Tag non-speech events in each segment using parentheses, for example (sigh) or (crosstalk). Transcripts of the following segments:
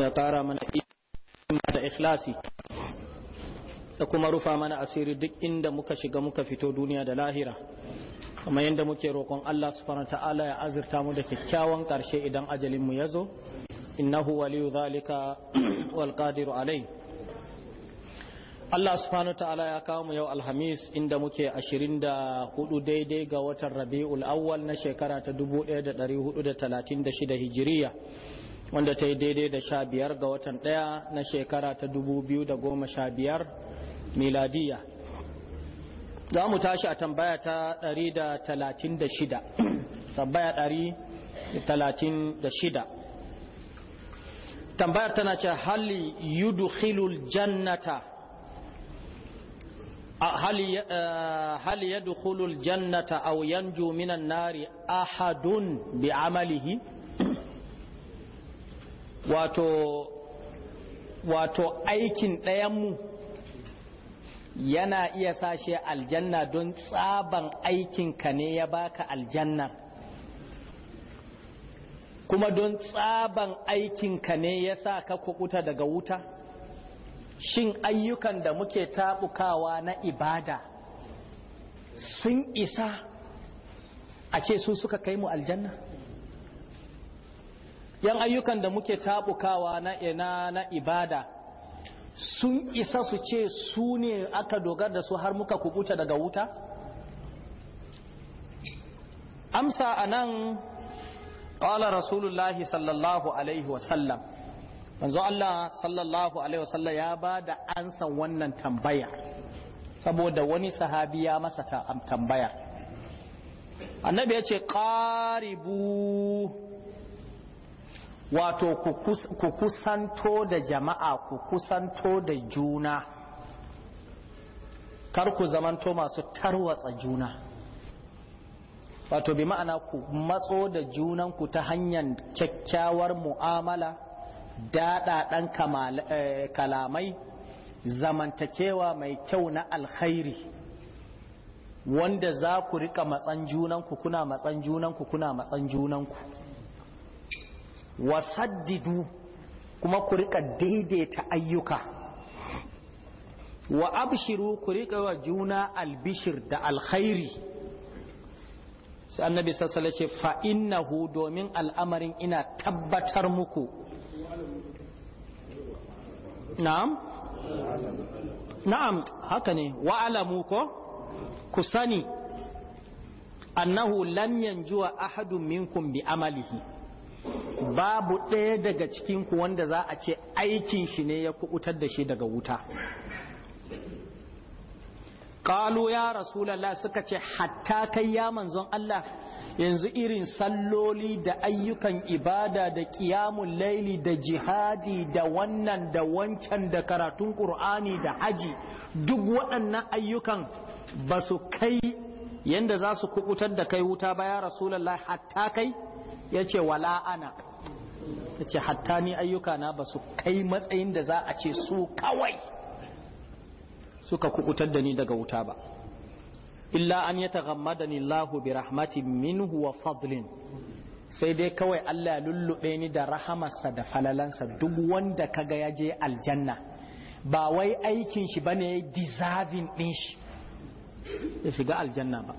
ya kara mana da ikhlasi da kuma rufa mana asiri duk inda muka shiga muka fito duniya da lahira kamar yadda muke roƙon Allah subhanahu ta'ala ya azurta mu da kyakkyawan ƙarshe idan ajalin mu yazo innahu waliyu zalika (clears throat) wal qadiru alai Allah subhanahu ta'ala ya kawo mu yau alhamis inda muke 24 daidai ga watan Rabiul Awwal na shekara ta 1436 Hijiriya wanda ta yi daidai da sha biyar ga watan ɗaya na shekara ta dubu biyu da goma sha biyar miladiya za mu tashi a tambaya ta ɗari da talatin da shida (clears throat) tambaya ɗari da talatin da shida tambayar tana ce hali yudkhilul jannata hali eh, yadkhulul jannata aw yanju minan nari ahadun bi amalihi wato wato aikin mu yana iya sashe aljanna don tsaban aikinka ne ya baka aljanna kuma don tsaban aikinka ne ya sa ka kukuta daga wuta shin ayyukan da muke taɓukawa na ibada sun isa a ce su suka kai mu aljanna yan ayyukan da muke tabukawa na ina eh, na ibada sun isa su ce su ne aka dogar da su har muka kubuta daga wuta amsa anan qala rasulullahi sallallahu alaihi wasallam manzo Allah sallallahu alaihi wasallam ya ba da ansan wannan tambaya saboda wani sahabi ya masa tambaya annabi ya ce qaribu wato ku kusanto da jama'a ku kusanto da juna kar ku zamanto masu tarwatsa juna wato bi ma'ana ku matso da junanku ta hanyar kyakkyawar mu'amala daɗaɗen eh, kalamai zamantakewa mai kyau na alkhairi wanda za ku rika matsan junanku kuna matsan junanku kuna matsan junanku wasaddidu kuma ku rika daidaita ayyuka wa abshiru ku rika wa juna albishir da alkhairi sai annabi sassala ce fa domin al'amarin ina tabbatar muku na'am na'am haka ne wa alamu ko ku sani annahu lam yanjuwa ahadun minkum bi amalihi babu ɗaya daga cikin ku wanda za a ce aikin shi ne ya kubutar da shi daga wuta ƙalu ya rasulallah suka ce hatta kai ya manzon Allah yanzu irin salloli da ayyukan ibada da ƙiyamun laili da jihadi da wannan da wancan da karatun ƙur'ani da haji duk waɗannan ayyukan ba su kai yanda za su kubutar da kai wuta ba ya rasulallah hatta kai ya ce wala ana ta ce hatta ni ayyuka na ba su kai matsayin da za a ce su kawai suka kubutar da ni daga wuta ba illa an ya taghammadani Allahu bi rahmatin minhu wa fadlin sai dai kawai Allah ya lullube ni da rahamarsa da falalansa duk wanda kaga ya je aljanna ba wai aikin shi bane deserving din shi ya shiga aljanna ba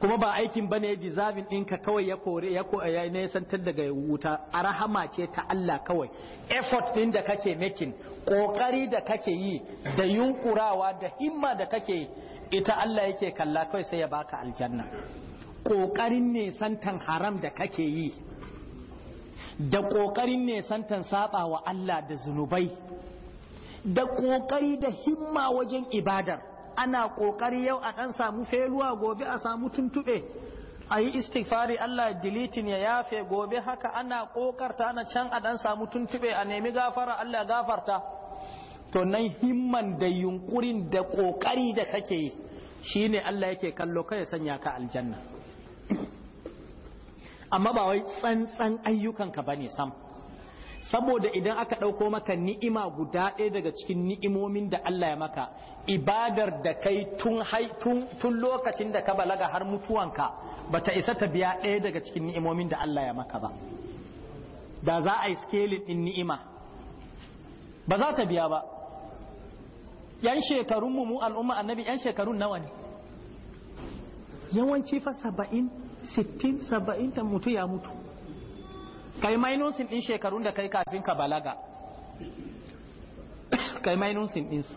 kuma ba aikin ba bane deserving ɗinka kawai ya kore ya nesantar daga wuta a rahama ce ta Allah kawai effort ɗin da kake making ƙoƙari da kake yi da yunkurawa da himma da kake ita Allah yake kalla kawai sai ya baka aljanna ƙoƙarin nesantan haram da kake yi da ƙoƙarin nesantan saba wa Allah da zunubai da ƙoƙari da himma wajen ibadar ana ƙoƙari yau a ɗan samu feluwa gobe a samu tuntuɓe a yi istighfari Allah dilitin ya yafe gobe haka ana ƙoƙarta na can a ɗan samu tuntuɓe a nemi gafara Allah gafarta to nan himman da yunkurin da ƙoƙari da kake yi shine Allah yake kallo ka ya sanya ka aljanna amma ba wai tsantsan ayyukanka bane sam saboda idan aka ɗauko maka ni'ima guda ɗaya daga cikin ni'imomin da Allah ya maka ibadar da kai tun lokacin da ka balaga har mutuwanka ba ta isa ta biya ɗaya daga cikin ni'imomin da Allah ya maka ba da za a yi skelin ɗin ni'ima ba za ta biya ba yan shekarun mu mu al'umma annabi yan shekarun nawa ne yawanci fa 70 sittin saba'in ta mutu ya mutu kai minusin din shekarun da kai kafin ka balaga kai minusin din su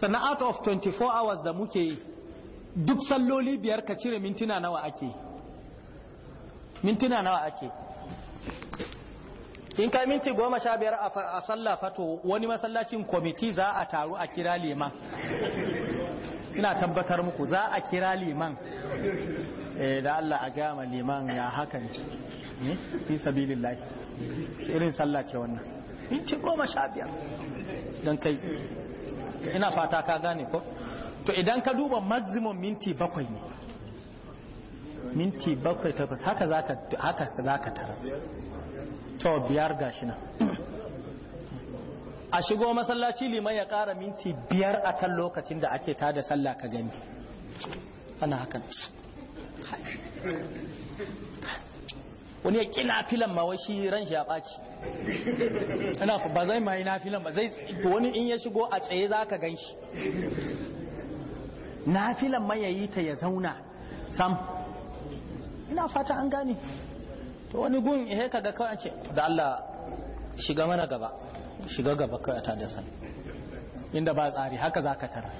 sannan out of 24 hours da muke yi duk salloli biyar ka cire mintuna nawa ake mintuna nawa ake in kai minti goma sha biyar a sallah fato wani masallacin kwamiti za a taru a kira liman ina tabbatar muku za a kira liman eh, da Allah a gama liman ya hakan fi sabilillahi irin sallace ce wannan minti goma sha biyar don kai ina fata ka gane ko to idan ka duba maximum minti bakwai ne minti bakwai takwas haka za ka tara to biyar gashi na a shigo masallaci liman ya kara minti biyar akan lokacin da ake tada sallah ka gani ana hakan wani ya ƙi filan ma wai shi ran shi ya ɓaci ina ba zai mai filan ba zai wani in ya shigo a tsaye za ka gan shi filan ma ya yi ta ya zauna sam ina fata an gane to wani gun ya ka ga kawai ce da Allah shiga mana gaba shiga gaba kawai ta da sani inda ba tsari haka za ka tara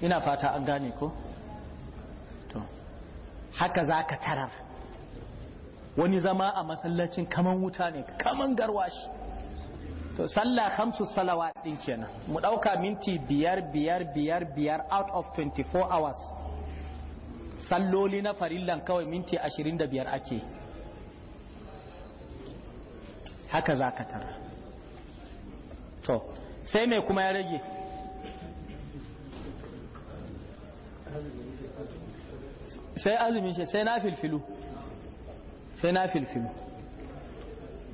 ina fata an gane ko to haka za ka tarar wani zama a masallacin kaman wuta ne kaman garwashi to sallah hamsu salawat din kenan mu dauka minti biyar biyar biyar biyar out of 24 hours salloli na farillan kawai minti 25 ake haka za ka tara to sai me kuma ya rage sai azumin shi sai na filfilu sai na filfilu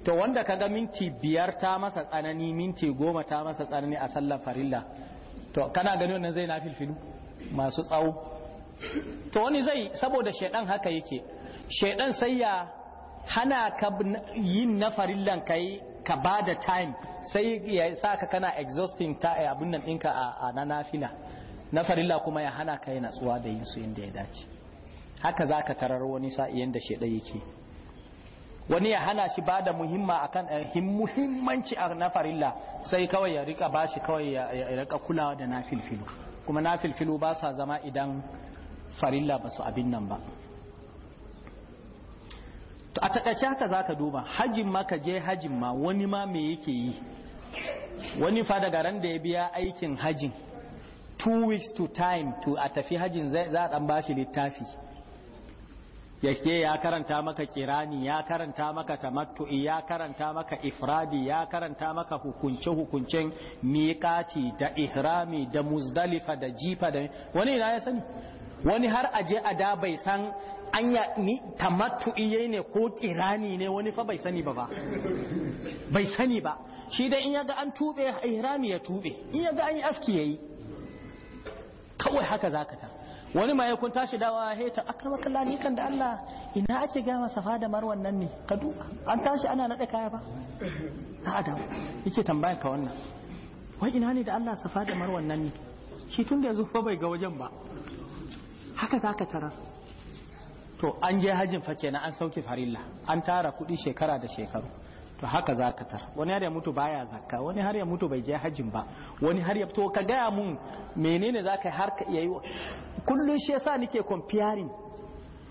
to wanda kaga minti biyar ta masa tsanani minti goma ta masa tsanani a sallar farilla to kana gani wannan zai na filfilu masu tsawo to wani zai saboda shaidan haka yake shaidan sai ya hana ka yin na farillan kai ka ba da time sai ya sa ka kana exhausting ta eh, abin nan ɗinka a na nafila na farilla kuma ya hana ka yi natsuwa da yin su inda ya dace haka za ka tarar wani sa'iyan da shaidan yake wani ya hana shi ba da muhimma akan eh, muhimmanci a na farilla sai kawai ya rika bashi kawai ya rika kulawa da nafilfilu kuma nafilfilu ba sa zama idan farilla ba su abin nan ba to a takaice haka zaka duba hajin ma ka je hajin ma wani ma me yake yi wani fa daga ran da ya biya aikin hajin two weeks to time to a tafi hajin za a dan bashi littafi yake ya karanta maka kirani ya karanta maka tamattu'i ya karanta maka ifradi ya karanta maka hukunce hukuncen miqati da ihrami da muzdalifa da jifa da wani ina ya sani wani har aje a da bai san anya ni tamattu'i ne ko kirani ne wani fa bai sani ba ba bai sani ba shi dai in yaga an tube ihrami ya tube in yaga an yi aski yayi kawai haka zaka ta wani ma kun tashi dawa he ta akrama kalla ni kan da Allah ina ake gama safa da marwan nan ne ka duba an tashi ana nade kaya ba na adam yake tambayan ka wannan wai ina ne da Allah safa da marwan nan ne shi tun da yanzu fa bai ga wajen ba haka zaka tara to an je hajin fa kenan an sauke farilla an tara kudi shekara da shekaru to haka za ka tar wani har ya mutu baya zakka wani har ya mutu bai je hajjin ba wani har ya to ka gaya mun menene za ka yi har ka yayi kullun shi yasa nike comparing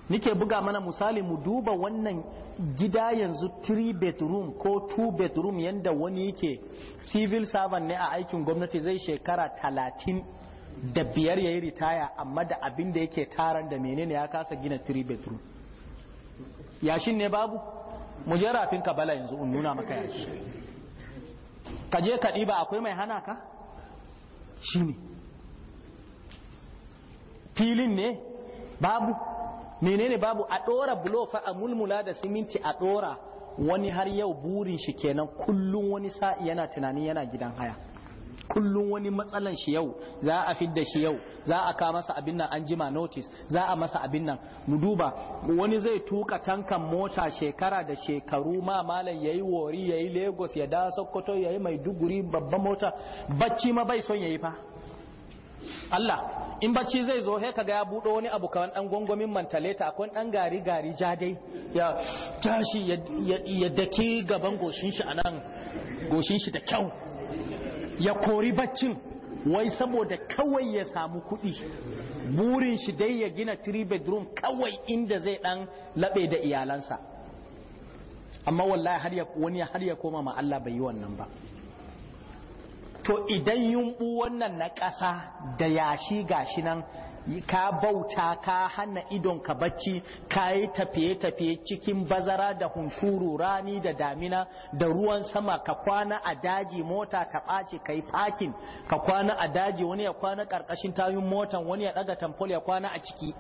nike buga mana misali mu duba wannan gida yanzu 3 bedroom ko 2 bedroom yanda wani yake civil servant ne a aikin gwamnati zai shekara talatin da biyar ya yi ritaya amma da abin da yake taran da menene ya kasa gina 3 bedroom yashin ne babu mu je rafin ka bala yanzu in nuna maka yashi ka je ka ɗiba akwai mai hana ka shi ne filin ne babu menene babu a ɗora bulofa a mulmula da siminti a ɗora wani har yau burin shi kenan kullum wani sa'i yana tunani yana gidan haya kullum wani matsalan shi yau za a fidda shi yau za a ka masa abin nan an jima notice za a masa abin nan mu duba wani zai tuka tankan mota shekara da shekaru ma malam yayi wori yayi Lagos ya da Sokoto yayi Maiduguri babban mota bacci ma bai son yayi fa Allah in bacci zai zo he kaga ya buɗo wani abu kawan ɗan gwangwamin mantaleta akwai ɗan gari gari ja dai ya tashi ya daki gaban goshin shi anan goshin shi da kyau ya kori baccin wai saboda kawai ya samu kuɗi burin shi dai ya gina three bedroom kawai inda zai dan labe da iyalansa amma wallahi har ya wani har ya koma ma Allah bai yi wannan ba to idan yumbu wannan na ƙasa da yashi gashi nan ka bauta ka hana idon ka bacci ka yi tafiye-tafiye cikin bazara da hunturu rani da damina da ruwan sama ka kwana a daji mota ka ɓace ka yi fakin ka kwana a daji wani ya kwana ƙarƙashin tayun motan wani ya ɗaga tamfol ya kwana a ciki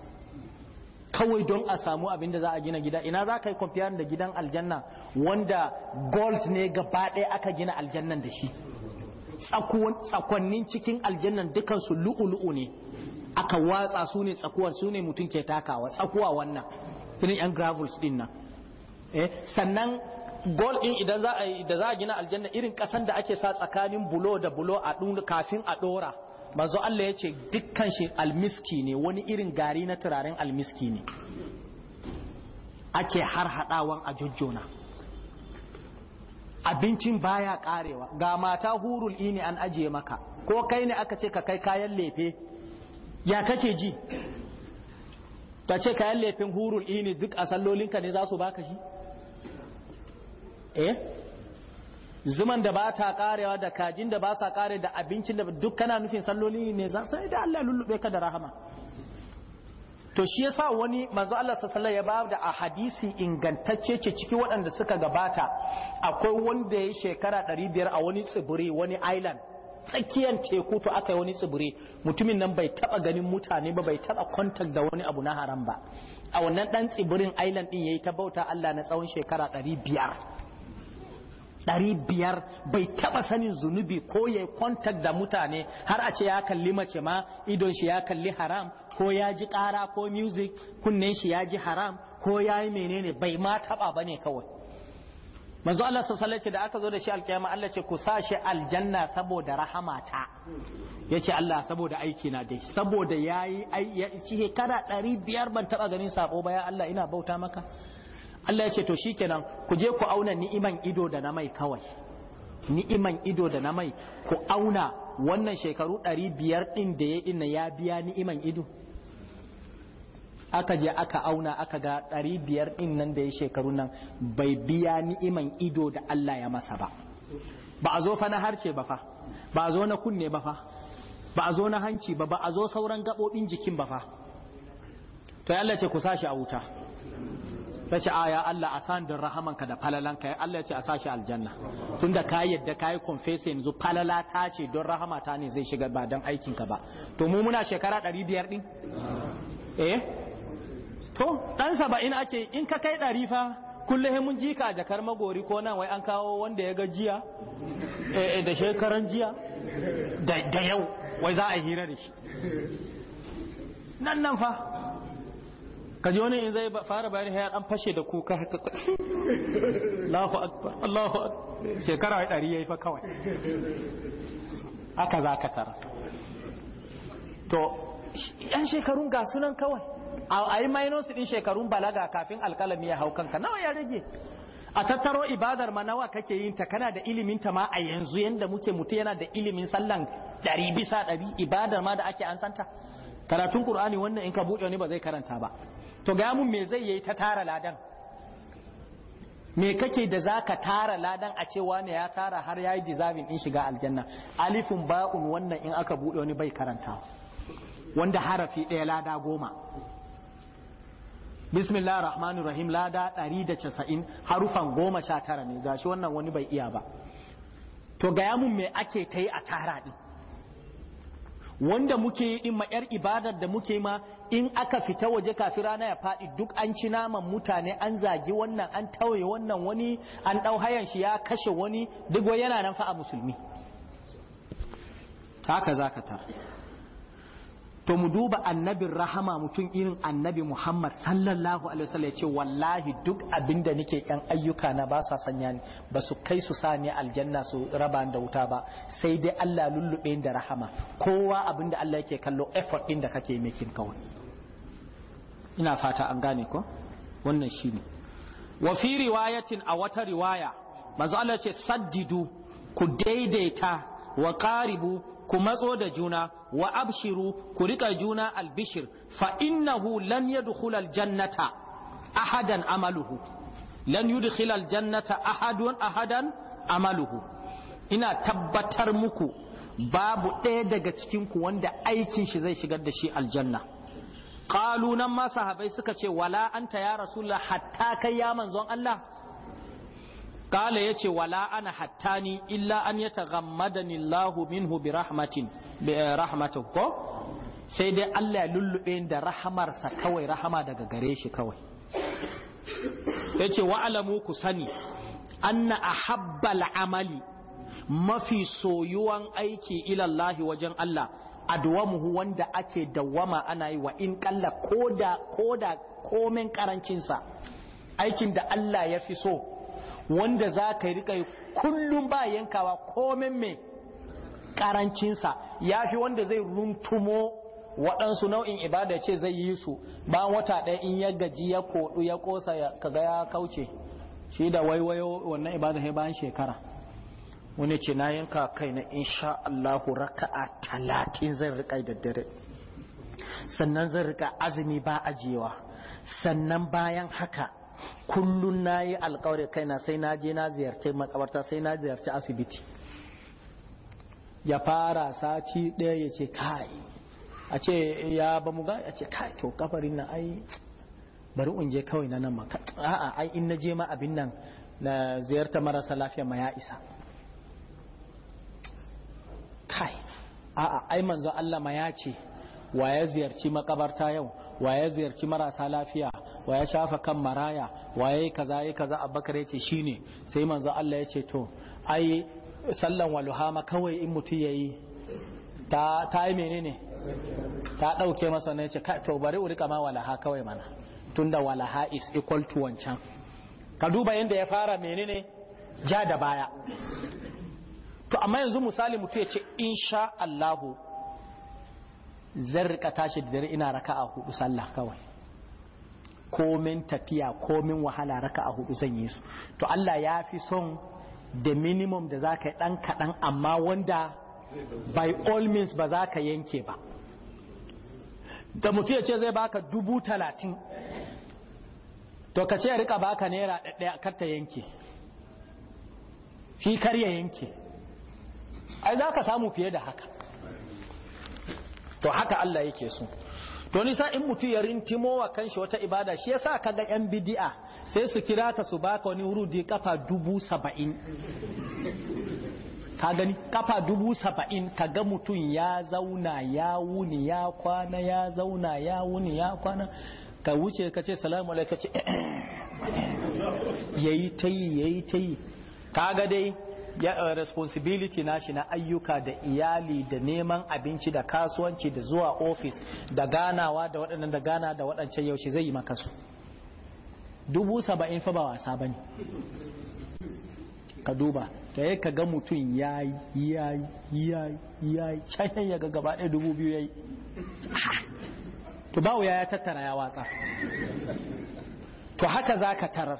kawai don a samu abinda za a gina gida ina za ka yi kwamfiyar da gidan aljanna wanda gold ne gaba ɗaya aka gina aljannan da shi tsakonnin cikin aljannan dukansu lu'ulu'u ne aka watsa su ne tsakuwar su ne mutum ke takawa tsakuwa wannan irin yan gravels din nan eh sannan gol din idan za a da za a gina aljanna irin kasan da ake sa tsakanin bulo da bulo a dun kafin a dora manzo Allah ya ce dukkan shi almiski ne wani irin gari na turaren almiski ne ake har hadawan a jujjona abincin baya karewa ga mata hurul ini an ajiye maka ko kai ne aka ce ka kai kayan lefe ya kake ji ta ce kayan laifin hurul ini duk a sallolinka ne za su baka shi eh zuman da ba ta karewa da kajin da ba sa kare da abincin da duk kana nufin salloli ne za yi da Allah lullube ka da rahama to shi yasa wani manzo Allah sallallahu ya ba da a hadisi ingantacce ce ciki waɗanda suka gabata akwai wanda ya shekara 500 a wani tsibiri wani island tsakiyar teku to aka yi wani tsibiri mutumin nan bai taba ganin mutane ba bai taba kontak da wani abu na haram ba a wannan dan tsibirin island din yayi ta bauta Allah na tsawon shekara 500 500 bai taba sanin zunubi ko yayi kontak da mutane har a ce ya kalli mace ma idon shi ya kalli haram ko ya ji kara ko music kunnen shi ya ji haram ko yayi menene bai ma taba bane kawai manzo Allah sallallahu alaihi da aka zo da shi alkiyama Allah ce ku sashi aljanna saboda rahamata yace Allah saboda aiki na dai saboda yayi he ɗari 500 ban taba ganin sako ba ya Allah ina bauta maka Allah yace to shikenan ku je ku auna ni'iman ido da na mai kawai ni'iman ido da na mai ku auna wannan shekaru 500 din da ya ina ya biya ni'iman ido aka je aka auna aka ga ɗari biyar ɗin nan da ya shekaru nan bai biya ni'iman ido da Allah ya masa ba ba a zo fa na harce ba fa ba a zo na kunne ba fa ba a zo na hanci ba ba a zo sauran gaɓoɓin jikin ba fa to Allah ce ku sashi a wuta ta ce aya Allah a san don rahamanka da falalanka ya Allah ce a sashi aljanna tunda ka yadda ka yi confess yanzu falala ta ce don rahamata ne zai shiga ba don aikinka ba to mu muna shekara ɗari biyar din eh ko dan saba'in ake in ka kai ɗari fa kullum mun ji ka jakar magori ko nan wai an kawo wanda ya ga jiya eh, eh, da shekaran jiya da yau wai za a hira da shi nan nan fa ka ji wani in zai fara bayani haya an fashe da kuka haka (laughs) Allahu akbar Allahu akbar shekara ɗari yayi fa kawai aka za ka tara to yan shekarun ga sunan kawai a yi minus din shekarun balaga kafin alkalami ya hau kanka nawa ya rage a tattaro ibadar ma nawa kake yin ta kana da ilimin ta ma a yanzu yanda muke mutu yana da ilimin sallan dari bisa dari ibadar ma da ake an santa karatun qur'ani wannan in ka buɗe wani ba zai karanta ba to ga mun me zai yi ta tara ladan me kake da zaka tara ladan a cewa ne ya tara har yayi deserving in shiga aljanna alifun ba'un wannan in aka buɗe wani bai karanta wanda harafi ɗaya lada goma bismillah rahmanu rahim lada 190 harufan goma sha tara ne gashi wannan wani bai iya ba to gaya mun me ake ta yi a tara ɗin wanda muke yi ɗin ma'yar ibadar da muke ma in aka fita waje kafin rana ya faɗi duk an ci naman mutane an zagi wannan an tauye wannan wani an ɗau hayan shi ya kashe wani duk yana nan fa a musulmi haka za ka tara to mu duba annabin rahama mutum irin annabi Muhammad sallallahu alaihi wasallam ya ce wallahi duk abinda nake yan ayyuka na ba sa sanya ni ba su kai su sa ni aljanna su raba da wuta ba sai dai Allah lullube da rahama kowa abinda Allah yake kallo effort din da kake making kawai ina fata an gane ko wannan shine wa fi riwayatin a wata riwaya manzo Allah ce saddidu ku daidaita wa qaribu ku matso da juna wa abshiru ku rika juna albishir fa innahu lan yadkhul aljannata ahadan amaluhu lan yudkhil aljannata ahadun ahadan amaluhu ina tabbatar muku babu ɗaya daga cikin ku wanda aikin shi zai shigar da shi aljanna qalu nan ma sahabai suka ce wala anta ya rasulullah hatta kai ya manzon Allah kala yace wala ana hattani illa an yataghammadani Allahu minhu bi rahmatin bi eh, rahmatin ko sai dai Allah ya lullube da rahamarsa kawai rahama daga gare shi kawai yace wa alamu ku sani anna ahabbal amali mafi soyuwan aiki ila ilallahi wajen Allah adwamuhu wanda ake dawama ana yi wa in kalla koda koda komen karancinsa aikin da Allah ya fi so wanda za ka rika kullum ba yankawa komen mai karancinsa ya fi wanda zai runtumo waɗansu nau'in ibada ce zai yi su ba wata ɗaya in ya gaji ya koɗu ya ƙosa kaga ya kauce shi da waiwayo wannan ibada ya bayan shekara wani ce na yanka kai na insha Allahu raka'a talatin zan rika da dare sannan zan rika azumi ba ajiyewa sannan bayan haka kullun yi alƙawari kaina sai na je na ziyarci makabarta sai na ziyarci asibiti ya fara sati ɗaya ya ce kai a ce ya ba mu gani a ce kai to kafarin na ai bari in je kawai na nan maka a'a ai in na je ma abin nan na ziyarta marasa lafiya ma ya isa kai a'a ai manzo Allah ma ya ce wa ya ziyarci makabarta yau wa ya ziyarci marasa lafiya wa ya shafa kan maraya wa yi kaza yi kaza ce shi ne sai manzo Allah ya ce to ai sallan luhama kawai in mutu ya yi ta yi menene ta dauke masa ya ce to bari u rika ma walaha kawai mana tun da walaha is equal to wancan ka duba yadda ya fara menene ja da baya to amma yanzu misali mutu ya ce in sha Allahu zan rika tashi da dare ina raka a hudu sallah kawai komin tafiya komin wahala raka a hudu zan yi su to Allah ya fi son da minimum da za ka yi ɗan kaɗan amma wanda by all means ba za ka yanke ba da mutum ce zai baka dubu talatin to ka ce ya rika baka naira ɗaya kar ta yanke Fi karya yanke ai za ka samu fiye da haka to haka Allah yake so to sa in mutu ya rintimo wa kanshi wata ibada shi yasa kaga yan bid'a sai su kira ta su baka wani wurudi kafa dubu saba'in ka gani kafa dubu saba'in kaga mutum ya zauna ya wuni ya kwana ya zauna ya wuni ya kwana ka wuce ka ce salamu alaikum eh, eh, eh. ya yi ta yi ya yi ta yi kaga dai ya eh, responsibility nashi na ayyuka da iyali da neman abinci da kasuwanci da zuwa ofis da ganawa da waɗannan da gana da waɗancan yaushe zai yi maka su dubu saba'in fa ba wasa ne. ka duba da ka ga mutum ya yi ya yi ya yi ya can ya ga gaba ɗaya dubu biyu ya yi to bawu ya tattara ya watsa to haka za ka tarar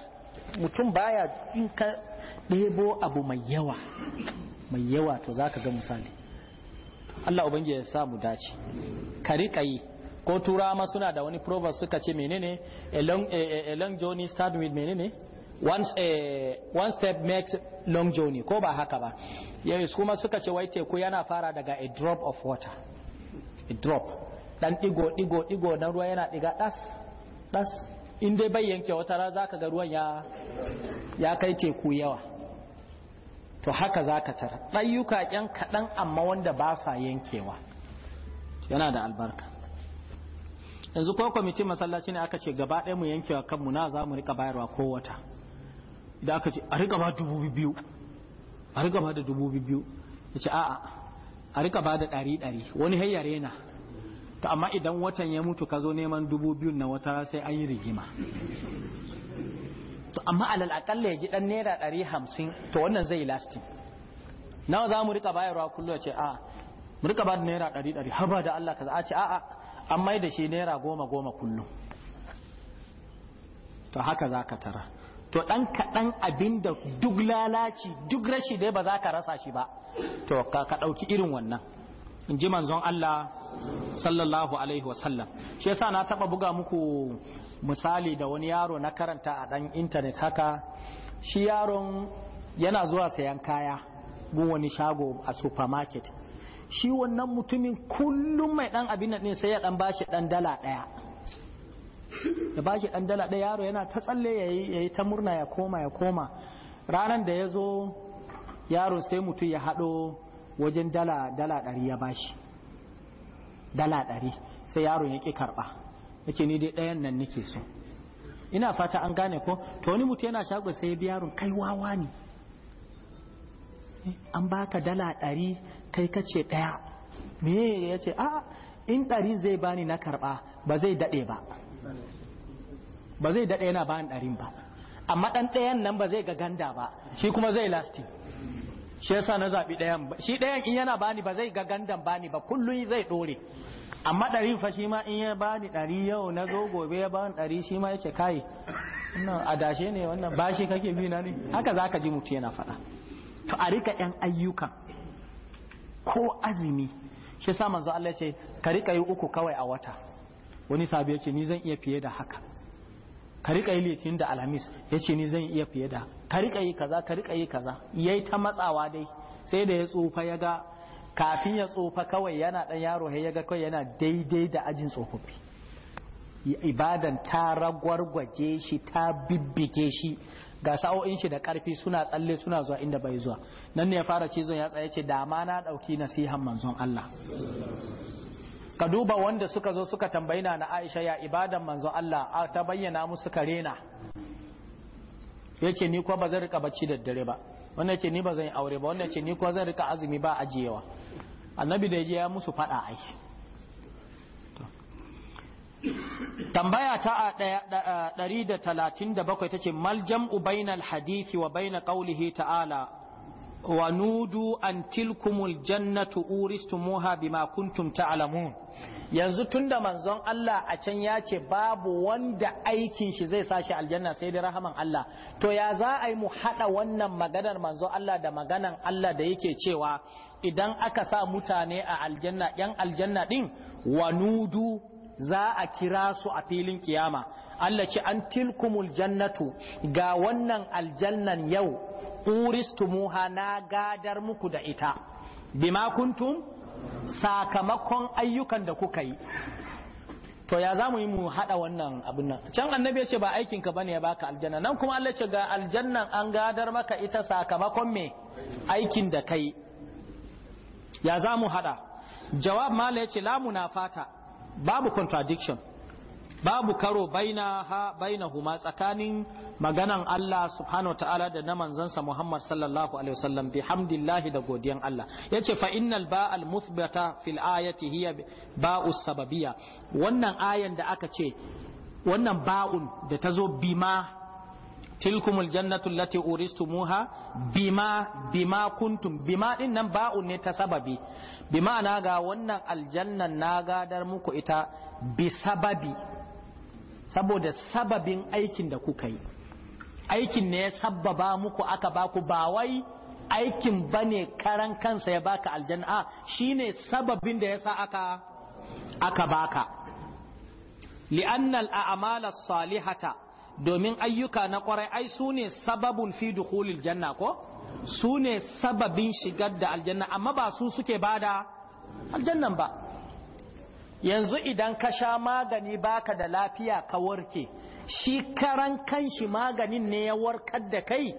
mutum baya in ka ɗebo abu mai yawa mai yawa to za ka ga misali Allah ubangiji ya samu dace ka riƙa yi ko tura ma suna da wani proverb suka ce menene a long, a, long journey start with menene one, one step makes long journey ko ba haka ba yes, kuma suka ce wai teku yana fara daga a drop of water a drop dan digo digo digo na ruwa yana diga das das in dai bai yanke wata ra zaka ga ruwan ya kai teku yawa to haka za ka tara ɗayyuka ƴan kaɗan amma wanda ba sa yankewa yana da albarka yanzu ko kwamitin masallaci ne aka ce gaba ɗaya mu yankewa kanmu na za mu rika bayarwa ko wata da aka ce a rika ba dubu biyu a rika ba da dubu biyu ya ce a'a a rika ba da ɗari ɗari wani hayyare na to amma idan watan ya mutu ka zo neman dubu biyun na wata sai an yi rigima to amma alal akalla ya ji dan naira ɗari hamsin to wannan zai lasti nawa za mu rika bayarwa kullum ce a mu rika ba da naira ɗari ɗari haba da Allah kaza a ce a'a an mai da shi naira goma goma kullum to haka za ka tara to dan kadan abin da duk lalaci duk rashi dai ba za ka rasa shi ba to ka ɗauki irin wannan in ji manzon Allah sallallahu alaihi wasallam shi yasa na taɓa buga muku misali da wani yaro na karanta a ɗan intanet haka shi yaron yana zuwa sayan kaya gun wani shago a supermarket shi wannan mutumin kullum mai ɗan abin nan sai ya ɗan bashi ɗan dala ɗaya ya bashi ɗan dala ɗaya yaro yana ta tsalle ya yi ta murna ya koma ya koma ranar da ya zo yaro sai mutum ya haɗo wajen dala dala ɗari ya bashi dala ɗari sai yaron ya ƙi karɓa yake ni dai ɗayan nan nake so ina fata an gane ko to wani mutu yana shago sai bi yaron kai wawa ne eh, an baka dala ɗari kai kace ɗaya me ya ce a in ɗari zai bani na karɓa ba zai daɗe ba ba zai daɗe yana bani ɗarin ba amma ɗan ɗayan nan ba zai ga ganda ba shi kuma zai lasti shi yasa na zaɓi ɗayan shi ɗayan in yana bani ba zai ga gandan bani ba kullum zai ɗore amma ɗari fa shi ma in ya bani ɗari yau na zo gobe ya bani ɗari shi ma ya ce kai wannan adashe ne wannan bashi kake bi na ne haka za ka ji mutu yana faɗa to a rika yan ayyuka ko azumi shi sa manzo Allah ce ka rika yi uku kawai a wata wani sabi yace ni zan iya fiye da haka ka rika yi litinin da alhamis yace ni zan iya fiye da ka rika yi kaza ka rika yi kaza yayi ta matsawa dai sai da ya tsufa ya ga kafin ya tsofa kawai yana ɗan yaro ya ga kawai yana daidai da ajin tsofaffi ibadan ta ragwargwaje shi ta bibbike shi ga sa'o'in shi da karfi suna tsalle suna zuwa inda bai zuwa nan ne ya fara cizon ya tsaye ce dama na ɗauki nasihan manzon Allah ka duba wanda suka zo suka tambayi na Aisha ya ibadan manzon Allah A ta bayyana musu karena yace ni ko ba zan rika bacci da dare ba wannan ce ni ba yi aure ba wannan ce ni ko zan rika azumi ba ajiyewa annabi da ya musu fada ai tambaya ta a 137 ta ce mal jam'u bainal hadisi wa baina qawlihi ta'ala wa nudu an tilkumul jannatu uristumuha bima kuntum ta'lamun yanzu tunda manzon Allah a can ya ce babu wanda aikin shi zai sashi aljanna sai dai rahaman Allah to ya za a yi mu hada wannan maganar manzon Allah da maganan Allah da yake cewa idan aka sa mutane a aljanna yan aljanna din wanudu za a kira su a filin kiyama Allah ce an tilkumul jannatu ga wannan aljannan yau uristumuha na gadar muku da ita bima kuntum sakamakon ayyukan da kuka yi to ya za mu yi mu haɗa wannan abin nan can annabi ya ce ba aikinka bane ya baka aljanna nan kuma Allah ce ga aljannan an gadar maka ita sakamakon me aikin da kai ya za mu haɗa jawab mala ya ce la munafata babu contradiction babu karo baina ha baina huma tsakanin maganan Allah subhanahu ta'ala da na manzansa Muhammad sallallahu alaihi wasallam da godiyan Allah yace fa innal ba'al muthbata fil ayati hiya ba'us sababiyya wannan ayan da aka ce wannan ba'un da ta zo bima tilkumul jannatu allati uristumuha bima bima kuntum bima din nan ba'un ne ta sababi bima na ga wannan aljannan na gadar muku ita bi sababi saboda sababin aikin da kuka yi aikin ne ya sababa muku aka baku ba wai aikin bane karan kansa ya baka aljanna Shi shine sababin da yasa aka aka baka li'annal a'mala salihata domin ayyuka na kwarai ai sune sababin fi dukhulil janna ko sune sababin shigar da aljanna amma ba su suke bada aljannan ba yanzu idan ka sha magani baka da lafiya ka warke shi karan kanshi maganin ne ya warkar da kai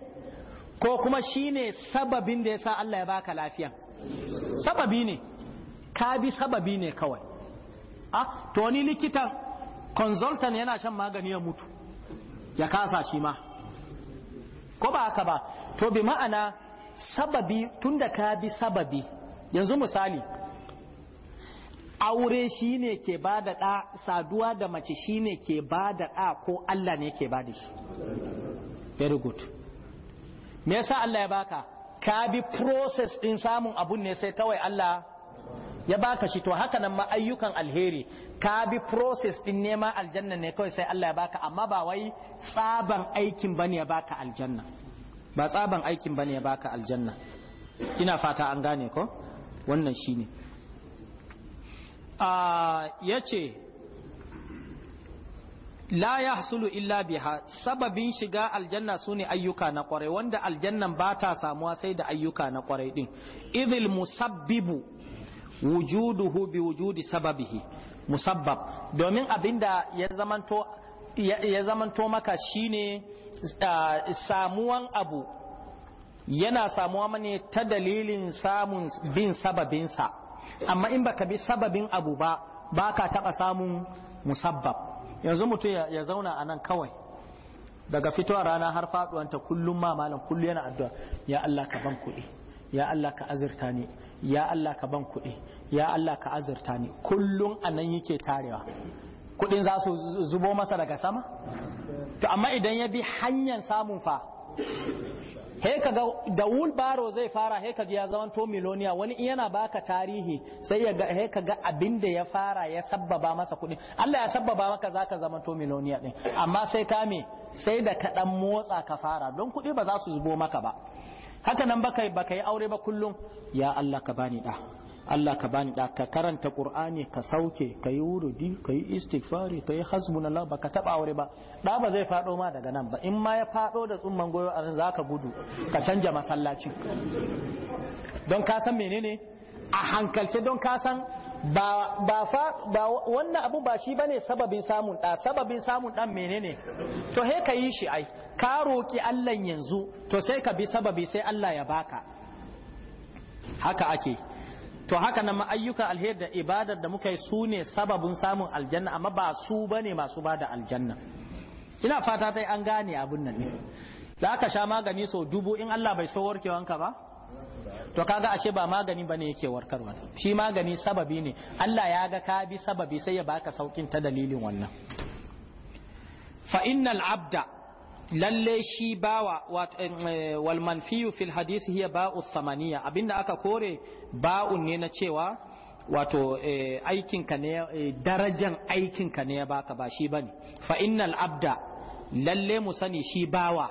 ko kuma shi ne sababin da ya sa Allah ya baka lafiya sababi ne ka bi sababi ne kawai ah to ni likitan consultant yana shan magani ya mutu ya kasa shi ma ko ba haka ba to bi ma'ana sababi tunda ka bi sababi yanzu misali aure shi ne ke ba da ɗa saduwa da mace shi ne ke ba da ɗa ko Allah ne ke ba da shi very good me yasa Allah ya baka ka bi process din samun abun ne sai kawai Allah ya baka shi to haka nan ma ayyukan alheri ka bi process din nema aljanna ne kawai sai Allah ya baka amma ba wai tsaban aikin bane ya baka aljanna ba tsaban aikin bane ya baka aljanna ina fata an gane ko wannan shine ya ce la ya hasulu illa biha sababin shiga aljanna su ne ayyuka na kwarai wanda aljannan ba ta samuwa sai da ayyuka na kwarai din izil musabbibu wujuduhu bi wujudi sababihi musabbab domin abinda ya zamanto ya zamanto maka shine samuwan abu yana samuwa mane ta dalilin samun bin sababinsa amma in baka bi sababin abu ba baka taɓa samun musabbab yanzu mutum ya zauna anan kawai daga fitowa rana har faɗuwanta kullum ma malam kullum yana addu'a ya Allah ka ban kuɗi ya Allah ka azurta ni ya Allah ka ban kuɗi ya Allah ka azurta ni kullum anan yake tarewa kuɗin za su zubo masa daga sama to amma idan ya bi hanyar samun fa heka ga da wulbaro zai fara heka ya zama to wani wani yana baka tarihi sai ya ga heka ga abin ya fara ya sabbaba masa kuɗi Allah ya sabbaba maka zaka zama to milonia din amma sai ka me sai da ka dan motsa ka fara don kuɗi ba za su zubo maka ba haka nan baka baka yi aure ba kullum ya Allah ka bani da Allah ka bani da ka karanta Qur'ani ka sauke ka yi wurudi ka yi istighfari ka yi hasbunallah ba ka taba aure ba da ba zai fado ma daga nan ba in ma ya fado da tsumman goyo a za zaka gudu ka canja masallaci don ka san menene a hankalce don ka san ba ba fa ba wannan abu ba shi bane sababin samun da sababin samun dan menene to he ka yi shi ai ka roki Allah yanzu to sai ka bi sababi sai Allah ya baka haka ake to haka nan ayyukan alheri da ibadar da muka yi su ne sababin samun aljanna amma ba su ba ne masu ba da aljanna ina fata sai an gane abin nan ne da aka sha magani sau dubu in Allah bai so wanka ba to kaga ashe ba magani ba ne yake warkarwa shi magani sababi ne Allah ya ga ka bi sababi sai ya baka saukin ta dalilin wannan fa innal abda lalle shi bawa eh, eh, wal manfiyu fil hadith hiya ba'u samaniya abinda aka kore ba'un ne na cewa wato eh, aikinka ne darajan aikinka ne baka ba shi bane fa innal abda lalle mu sani shi bawa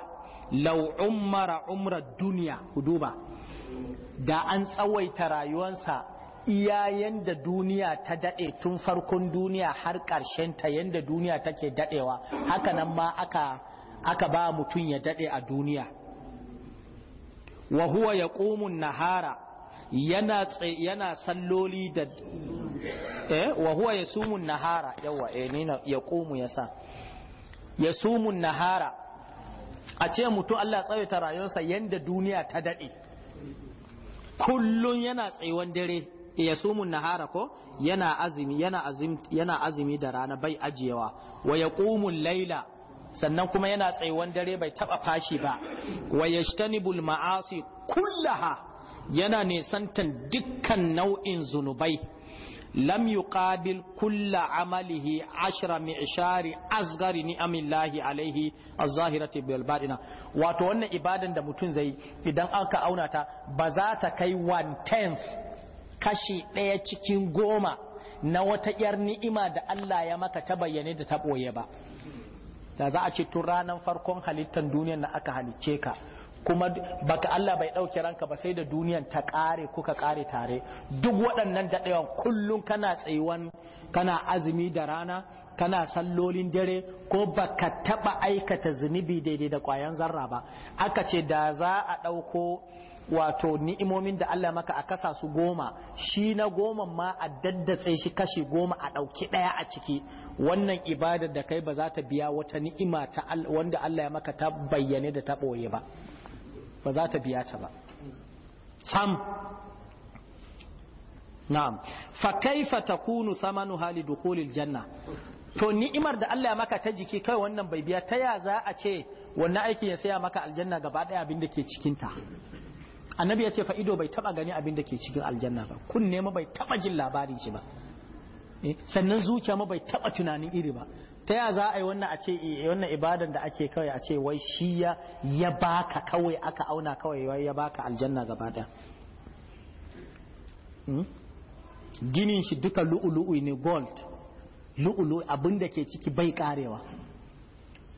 law ummara umra duniya duba da an tsawaita rayuwansa iya yanda duniya ta dade tun farkon duniya har ƙarshen ta yanda duniya take dadewa haka nan ma aka aka ba mutum ya daɗe a duniya wa huwa ya nahara yana yana salloli da eh wa huwa yasumun nahara yawa eh ne ya qumu yasa yasumun nahara a ce mutum Allah ta rayuwarsa yadda duniya ta dade Kullum yana tsayuwan dare yasumun nahara ko yana azumi yana azumi da rana bai ajiyewa wa yaqumun laila sannan kuma yana tsayuwan dare bai taba fashi ba wa yashtanibul ma'asi kullaha yana nisantan dukkan nau'in zunubai lam yuqabil kulla amalihi ashra mi'shari asghari ni'amillahi alaihi az-zahirati bil batina wato wannan ibadan da mutum zai idan aka auna ta ba za ta kai one tenth kashi ɗaya cikin goma na wata yar ni'ima da Allah ya maka ta bayyane da ta ɓoye ba da za a ce tun ranar farkon halittar duniyan na aka halicce ka kuma baka Allah bai ɗauke ranka ba sai da duniyar ta ƙare kuka ƙare tare duk waɗannan ɗayan kullum kana tsayuwan kana azumi da rana kana sallolin dare ko baka taɓa aikata zunubi daidai da ƙwayan zarra ba aka ce da za a ɗauko wato ni'imomin da Allah maka a kasa su goma shi na goma ma a daddatse shi kashi goma a ɗauki ɗaya a ciki wannan ibadar da kai ba za ta biya wata ni'ima ta wanda Allah ya maka ta bayyane da ta ɓoye ba ba za ta biya ta ba sam na'am fa kaifa takunu samanu hali dukhulil janna to ni'imar da Allah ya maka ta jiki kai wannan bai biya ta ya za a ce wannan aikin ya saya maka aljanna gaba ɗaya abin da ke cikinta annabi ya ce fa ido bai taba gani abin da ke cikin aljanna ba kunne ma bai taba jin labarin shi ba eh, sannan zuciya ma bai taba tunanin iri ba ta ya za a yi wannan a ce eh, eh, wannan ibadan da ake kawai a ce wai shi ya baka kawai aka auna kawai wai ya baka aljanna gaba da hmm? ginin shi duka lu'ulu'u ne gold lu'ulu'u abin da ke ciki bai karewa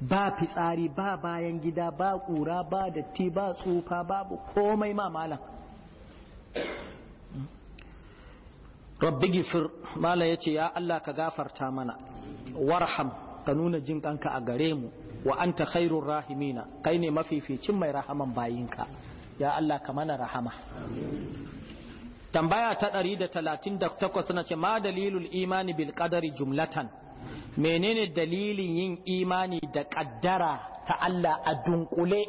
ba fitsari ba bayan gida ba ƙura ba datti ba tsufa babu komai ma malam rabbi gifir malam ya ce ya Allah ka gafarta mana warham ka nuna jin kanka a gare mu wa ta khairun rahimina kai ne mafificin mai rahaman bayinka ya Allah ka mana rahama tambaya ta 138 na ce ma dalilul imani bil qadari jumlatan menene dalilin yin imani da kaddara ta Allah a dunkule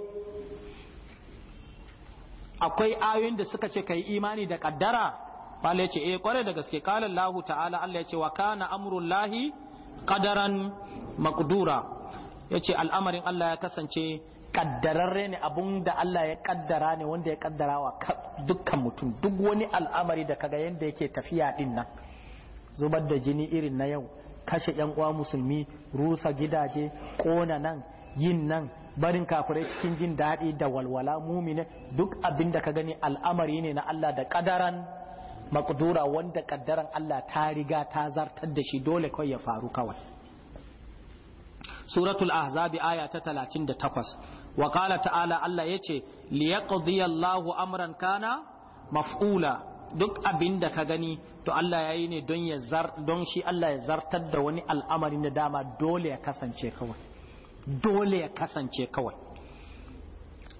akwai ayoyin da suka ce kai imani da kaddara Wale ya ce eh kware da gaske kala Allah ta'ala Allah ya ce wa kana amrullahi qadaran maqdura yace al'amarin Allah ya kasance kaddararre ne abun da Allah ya kaddara ne wanda ya kaddara wa dukkan mutum duk wani al'amari da kaga yanda yake tafiya din zubar da jini irin na yau kashe yan uwa musulmi rusa gidaje kona nan yin nan barin kafirai cikin jin daɗi da walwala mumine duk abin da ka gani al'amari ne na Allah da ƙadaran makdura wanda kaddaran Allah ta riga ta zartar da shi dole kawai ya faru kawai suratul ahzabi aya ta da wa qala ta'ala Allah yace liyaqdi Allahu amran kana maf'ula duk abin da ka gani to Allah ya yi ne don ya zar don shi Allah ya zartar da wani al'amari na dama dole ya kasance kawai dole ya kasance kawai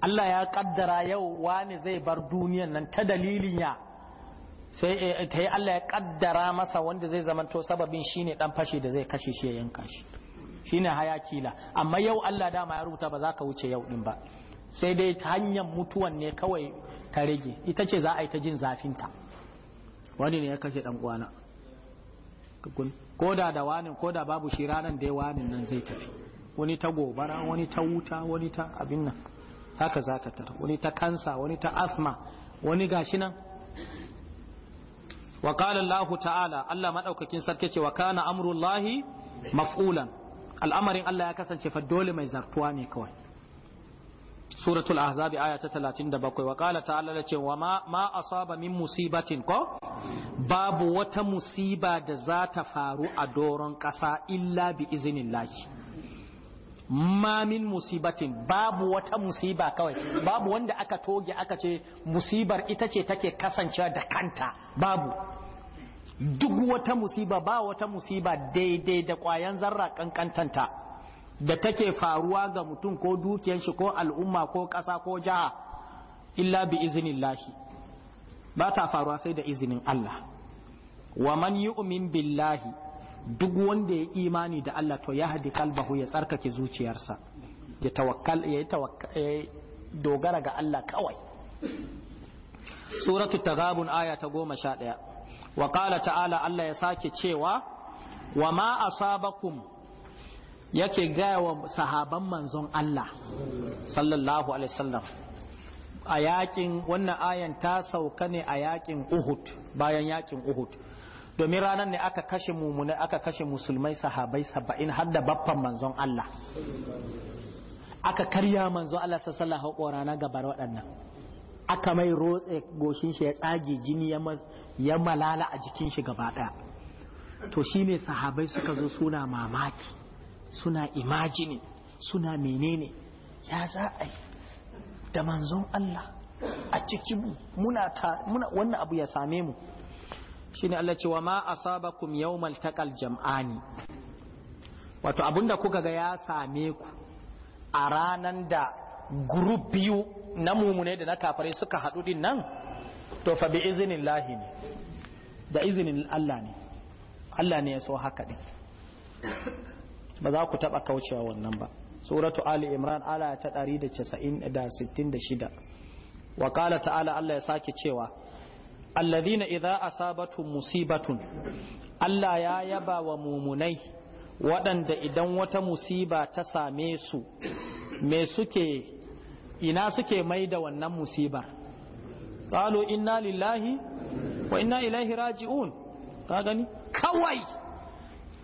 Allah ya kaddara yau wani zai bar duniyan nan ta dalilin ya sai eh, ta yi Allah ya kaddara masa wanda zai zamanto sababin shi ne dan fashe da zai kashe shi ya yanka shi ne hayakila amma yau Allah dama ya rubuta ba za ka wuce yau din ba sai dai ta hanyar mutuwan ne kawai ta rage ita ce za a yi ta jin zafinta wani ne ya kashe dan uwana ko da wani babu shi ranan dai wani nan zai tafi wani ta gobara wani ta wuta wani ta abin nan haka za ka tara wani ta kansa wani ta asma wani gashi nan wa qala Allah ta'ala Allah madaukakin sarki ce wa kana amrullahi maf'ulan al'amarin Allah ya kasance fa dole mai zartuwa ne kawai suratul ahzabi aya ta talatin da bakwai ta'ala la ce wa ma ma asaba min musibatin ko babu wata musiba da za ta faru a doron ƙasa illa bi iznillahi ma min musibatin babu wata musiba kawai babu wanda aka toge aka ce musibar ita ce take kasance da kanta babu duk wata musiba ba wata musiba daidai da kwayan zarra kankantanta da take faruwa ga mutum ko dukiyar shi ko al'umma ko ƙasa ko jiha illa bi izinin ba ta faruwa sai da izinin Allah wa man yu'min billahi duk wanda ya imani da Allah to ya hadi kalbahu ya tsarkake zuciyarsa ya tawakkal ya dogara ga Allah kawai suratul taghabun aya ta goma sha ɗaya wa qala ta'ala Allah ya sake cewa wa ma asabakum yake gaya wa sahaban manzon Allah sallallahu alaihi wasallam a yakin wannan ayan ta sauka ne a yakin Uhud bayan yakin Uhud domin ranar ne aka kashe mumune aka kashe musulmai sahabai saba'in har da baffan manzon Allah aka karya manzon Allah sallallahu alaihi wasallam gabar waɗannan aka mai rotse goshin shi ya tsage jini ya malala a jikin shi gaba ɗaya to shine sahabai suka zo suna mamaki suna imajini suna menene ya za a da manzon Allah a cikin muna ta muna wannan abu ya same mu shine Allah cewa ma asabakum yawmal taqal jam'ani wato abinda kuka ga ya same ku a ranan da group biyu na mumune da na kafare suka hadu din nan to fa bi izinin lahi ne da izinin Allah ne Allah ne ya so haka din ba za ku taɓa kaucewa wannan ba suratu ali imran ala ta 166 wa kala ta'ala Allah ya sake cewa alladhina idza asabatuhum musibatun Allah ya yaba wa mumunai waɗanda idan wata musiba ta same su me suke ina suke mai da wannan musibar qalu inna lillahi wa inna ilaihi raji'un ka gani kawai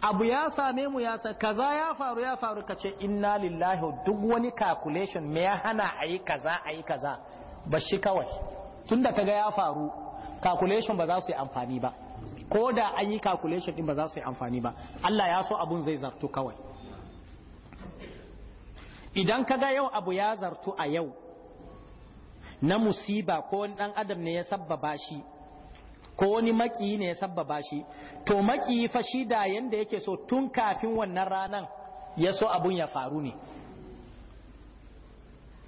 abu ya same mu ya kaza ya faru ya faru kace inna lillahi duk wani calculation me ya hana ayi kaza ayi kaza ba shi kawai tunda kaga ya faru calculation ba za su yi amfani ba ko da an yi calculation din ba za su yi amfani ba Allah ya so abun zai zartu kawai idan kaga yau abu ya zartu a yau na musiba ko wani dan adam ne ya sabbaba shi ko wani maki ne ya sabbaba shi to maki fa shi da yanda yake so tun kafin wannan ranan ya so abun ya faru ne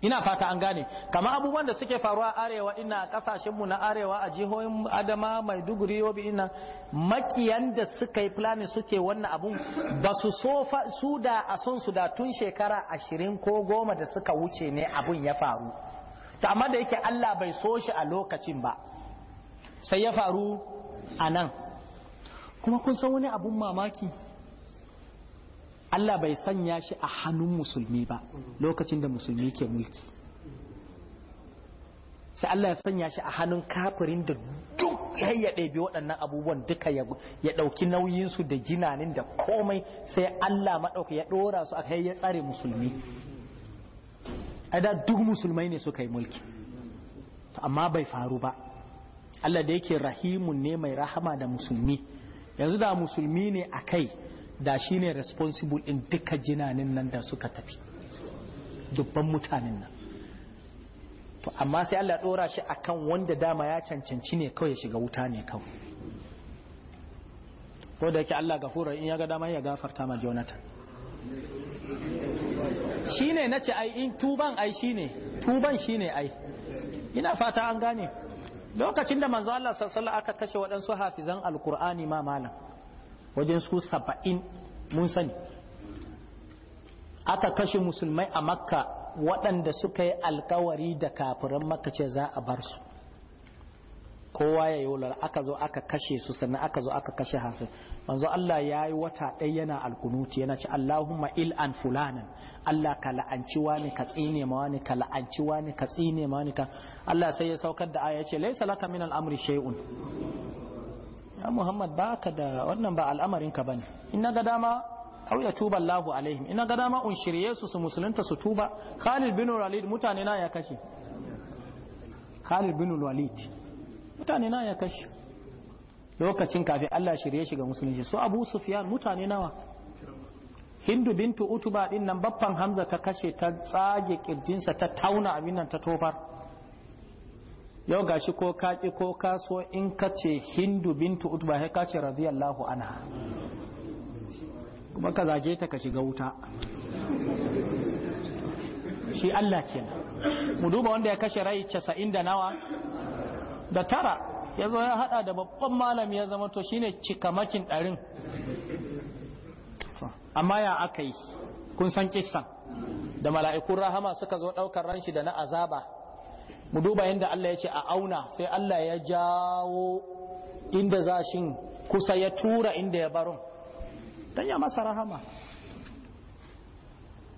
ina fata an gane kama abubuwan da suke faruwa arewa ina a mu na arewa a jihohin adama maiduguri yobi ina makiyan da suka yi planin suke wannan abun ba su so su da a son su da tun shekara ashirin ko goma da suka wuce ne abun ya faru ta amma da yake allah bai so shi a lokacin ba sai ya faru a nan kuma kun san wani abun mamaki Allah bai sanya shi a hannun musulmi ba lokacin da musulmi ke mulki sai Allah ya sanya shi a hannun kafirin da duk ya ɗabi waɗannan abubuwan duka ya ɗauki nauyinsu da jinanin da komai sai Allah maɗauka ya ɗora su kai ya tsare musulmi a duk musulmai ne suka yi mulki amma bai faru ba Allah da yake rahimun ne mai rahama da musulmi yanzu da musulmi ne a kai da shi ne responsible in duka jinanin nan da suka tafi dubban mutanen nan to amma sai Allah dora shi akan wanda dama ya cancanci ne kawai ya shiga wuta ne kawai ko da yake Allah gafura in ya ga dama ya gafarta ma Jonathan shine nace ai in tuban ai shine tuban shine ai ina fata an gane lokacin da manzo Allah sallallahu aka kashe waɗansu hafizan alkur'ani ma malam wajen su saba'in mun sani aka kashe musulmai a makka waɗanda suka yi alkawari da kafiran makka ce za a bar su kowa ya yolar aka zo aka kashe su sannan aka zo aka kashe hafizan manzo Allah ya yi wata ɗaya yana alkunuti yana ce Allahumma il an fulanan Allah ka la'anci wani ka tsine ma wani ka la'anci wani ka tsine ma wani ka Allah sai ya saukar da aya ce laisa laka min al'amri shay'un ya Muhammad ba ka da wannan ba al'amarin ka bane in na ga dama aw ya tuba Allahu alaihim Inna ga dama un shirye su su musulunta su tuba Khalid bin Walid mutane na ya kashe Khalid bin Walid mutane na ya kashe lokacin kafin Allah shirye shi ga musulunci su Abu Sufyan mutane nawa Hindu bintu Utuba din nan baffan Hamza ta kashe ta tsage kirjinsa ta tauna abin nan ta tofar yau gashi ko kaki ko kaso in ka ce Hindu bintu Utuba sai ka ce radiyallahu anha kuma ka zage ta ka shiga wuta shi Allah kenan mu duba wanda ya kashe rai 90 da nawa da tara ya zo ya hada da babban malami ya zama to shine cikamakin ɗarin amma ya aka yi kun san kissan da mala'ikun rahama suka zo ɗaukar ranshi da na azaba mu duba yanda Allah ya ce a auna sai Allah ya jawo inda zashin kusa ya tura inda ya baron don ya masa rahama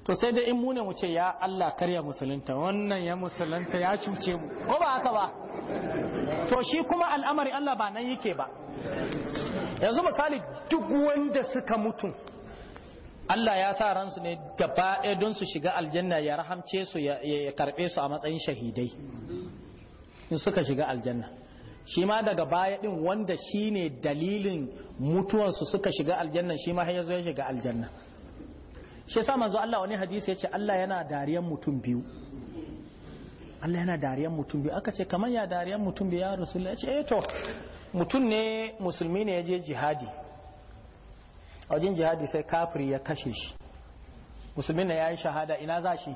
to sai dai in mune mu ce ya Allah karya musulunta wannan ya musulunta ya cuce mu ko ba haka ba to shi kuma al'amari Allah ba nan yake ba yanzu misali duk wanda suka mutu Allah ya sa ransu ne gaba ɗaya don su shiga aljanna ya rahamce su ya karbe su a matsayin shahidai in suka shiga aljanna shi ma daga baya din wanda shi ne dalilin mutuwansu suka shiga aljanna shi ma ya ya shiga aljanna shi sa manzo Allah wani hadisi ya ce Allah yana dariyan mutum biyu Allah yana dariyan mutum biyu aka ce kamar ya dariyan mutum biyu ya rasu. ya ce eh to mutum ne musulmi ne ya je jihadi a wajen jihadi sai kafiri ya kashe shi musulmi ne ya yi shahada ina za shi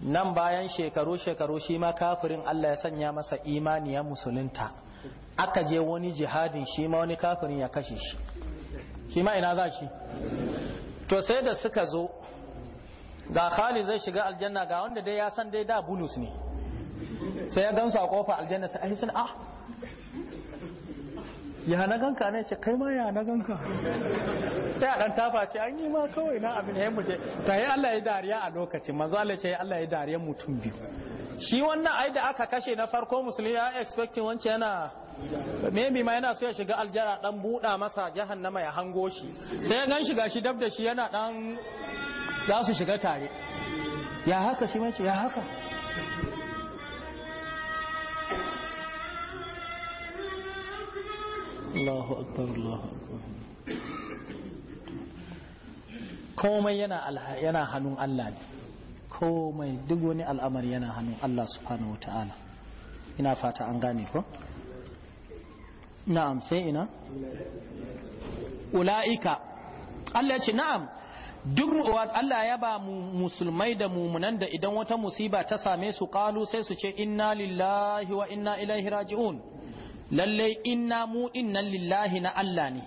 nan bayan shekaru shekaru shi ma kafirin Allah ya sanya masa imani ya musulunta aka je wani jihadin shi ma wani kafirin ya kashe shi shi ma ina za shi to sai da suka zo ga khali zai shiga aljanna ga wanda dai ya san dai da bulus ne sai ya gansu a kofa aljanna sai ai sun ah ya na ganka ne ce kai ma ya na ganka sai a dan tafa ce an yi ma kawai na abin ya muje ta yi Allah ya dariya a lokacin manzo Allah ce Allah ya dariya mutum biyu shi wannan ai da aka kashe na farko musulmi ya expecting wancan yana maybe ma yana so ya shiga aljara dan buda masa jahannama ya hango shi sai ya gan shi gashi dab da shi yana dan za su shiga tare ya haka shi mace ya haka Allahu akbar Allahu akbar komai yana yana hannun Allah ne komai duk wani al'amari yana hannun Allah subhanahu wa ta'ala ina fata an gane ko na'am sai ina ula'ika Allah ya ce na'am duk Allah ya ba musulmai da mumunan da idan wata musiba ta same su kalu sai su ce inna lillahi wa inna ilaihi raji'un lalle inna mu innan lillahi na Allah ne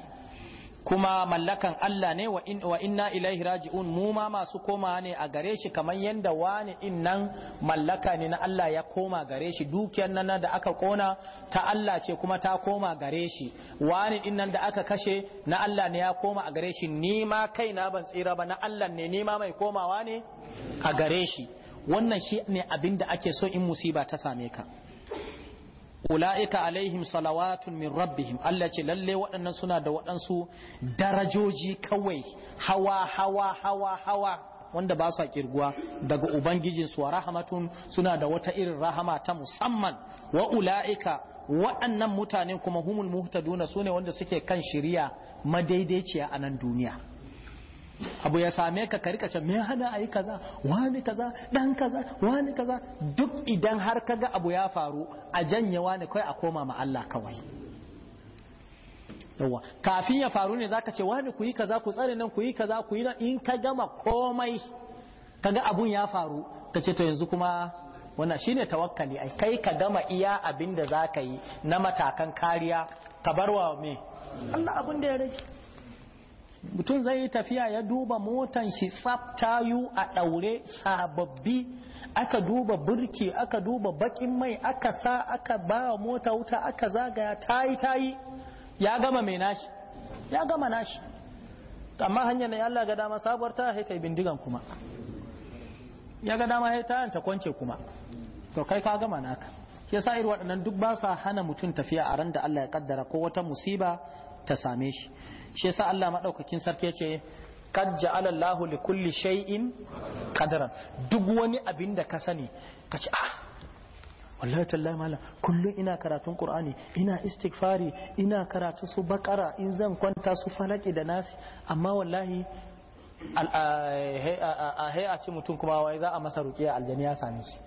kuma mallakan Allah ne wa, wa inna ilaihi raji'un mu ma masu koma ne a gare shi kamar yadda wani innan mallaka ne na Allah ya koma gare shi dukiyar nan da aka kona ta Allah ce kuma ta koma gare shi wani in da aka kashe na Allah ne ya koma a gare shi ni ma kaina ban tsira ba na Allah ne ni ma mai komawa ne a gare shi wannan shi ne abin da ake so in musiba ta same ka ula'ika alaihim salawatun min rabbihim Allah ce lalle waɗannan suna da waɗansu darajoji kawai hawa hawa hawa hawa wanda ba su kirguwa daga ubangijinsu wa rahamatun suna da wata irin rahama ta musamman wa ula'ika waɗannan mutane kuma humul muhtaduna sune wanda suke kan shiriya madaidaiciya a nan duniya abu ya same ka ka rika ce me hana ayi kaza wani kaza dan kaza wani kaza duk idan har kaga abu ya faru a janye wani kai a koma ma Allah kawai yawa kafin ya faru ne zaka ce wani ku yi kaza ku tsare nan ku yi kaza ku yi nan in ka gama komai kaga abun ya faru ka ce to yanzu kuma wannan shine tawakkali ai kai ka gama iya abinda zaka yi na matakan kariya ka barwa me Allah abun da ya rage mutum zai yi tafiya ya duba motan shi tsaftayu a ɗaure sababbi aka duba burki aka duba bakin mai aka sa aka ba wa mota wuta aka zagaya tayi tayi ya gama mai nashi ya gama nashi amma hanyar da Allah ga dama sabuwar ta haita bindigan kuma ya ga dama haita ta kwance kuma to kai ka gama naka yasa irin waɗannan duk ba sa hana mutum tafiya a ran da Allah ya kaddara ko wata musiba ta same shi shi yasa Allah madaukakin sarki yace kad ja'ala Allahu li kulli shay'in qadran duk wani abin da ka sani ka ce ah wallahi tallahi malam kullum ina karatun qur'ani ina istighfari ina karatu su bakara in zan kwanta su falaki da nasi amma wallahi a ce mutum kuma wai za a masa rukiya aljani ya same shi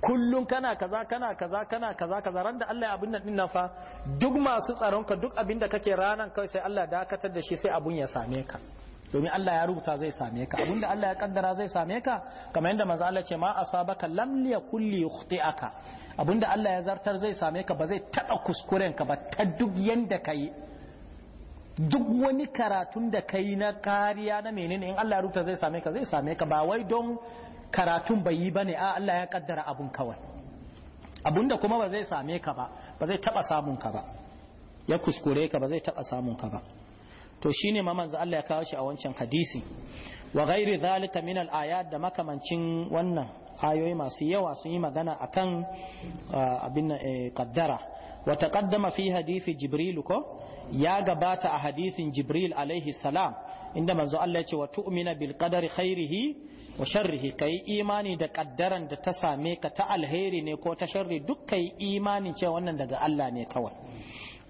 kullum kana kaza kana kaza kana kaza kaza ran da Allah ya abin nan fa duk masu tsaron ka duk abin da kake ranan kai sai Allah dakatar da shi sai abun ya same ka domin Allah ya rubuta zai same ka abin da Allah ya kaddara zai same ka kamar yadda manzo Allah ce ma asabaka lam yakul yukhti'aka abin da Allah ya zartar zai same ka ba zai taba kuskuren ka ba ta duk yanda kai duk wani karatun da kai na kariya na menene in Allah ya rubuta zai same ka zai same ka ba wai don karatun bai yi ne a Allah ya kaddara abun kawai da kuma ba zai same ka ba ba zai samun ka ba ya kuskure ka ba zai taba samun ka ba to shi ne manzo Allah ya kawo shi a wancan hadisi wa ghairi zalika min al ayat da makamancin wannan ayoyi masu yawa sun yi magana akan abin eh, kaddara wa taqaddama fi hadisi jibril ko ya gabata a hadisin jibril alaihi salam inda manzo Allah ya ce wa tu'mina bilkadari qadari khairihi wa sharrihi kai imani da kaddaran da ta same ka ta alheri ne ko ta sharri duk kayi imani ce wannan daga Allah ne kawai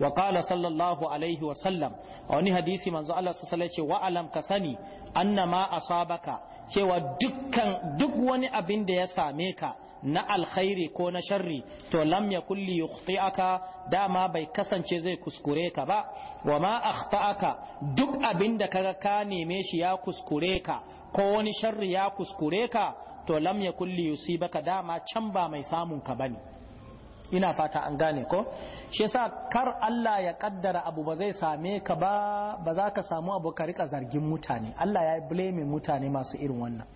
wa sallallahu alaihi wa sallam a wani hadisi manzo Allah sallallahu alaihi wa alam ka sani annama asabaka cewa dukkan duk wani abin da ya same ka na alkhairi ko na sharri to lam yakul li yukhti'aka dama bai kasance zai kuskure ka ba wa ma akhta'aka duk abin da kaga ka neme shi ya kuskure ka ko wani sharri ya kuskure ka to lam yakul li yusibaka dama can ba mai samun ka bane ina fata an gane ko shi yasa kar Allah ya kaddara abu ba zai same ka ba ba za ka samu abu ka rika zargin mutane Allah ya blame mutane masu irin wannan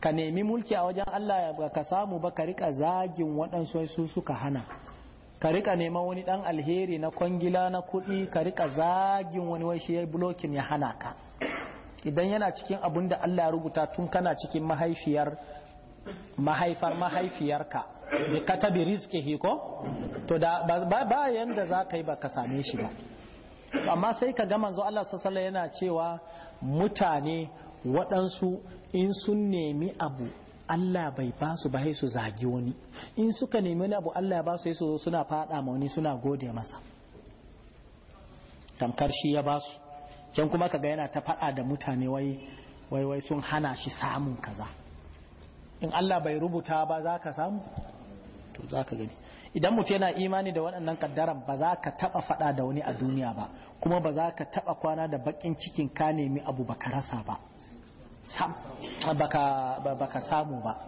ka nemi mulki a wajen Allah ya ka samu ba ka rika zagin waɗansu su suka hana ka rika neman wani dan alheri na kwangila na kuɗi ka rika zagin wani wai shi ya blokin ya hana ka idan yana cikin abun da Allah ya rubuta tun kana cikin mahaifiyar mahaifar mahaifiyarka bi katabi rizqihi to da ba ba yanda za yi ba ka same shi ba amma sai ka ga manzo Allah sallallahu yana cewa mutane waɗansu in sun nemi abu Allah bai ba su ba su zagi wani in suka nemi wani abu Allah ya ba su su suna fada ma wani suna gode masa tamkar shi ya ba su can kuma kaga yana ta faɗa da mutane wai wai wai sun hana shi samun kaza in Allah bai rubuta ba za ka samu to za ka gani idan mutum yana imani da waɗannan kaddaran ba za ka taɓa faɗa da wani a duniya ba kuma ba za ka taɓa kwana da baƙin cikin ka nemi abu baka rasa ba baka samu ba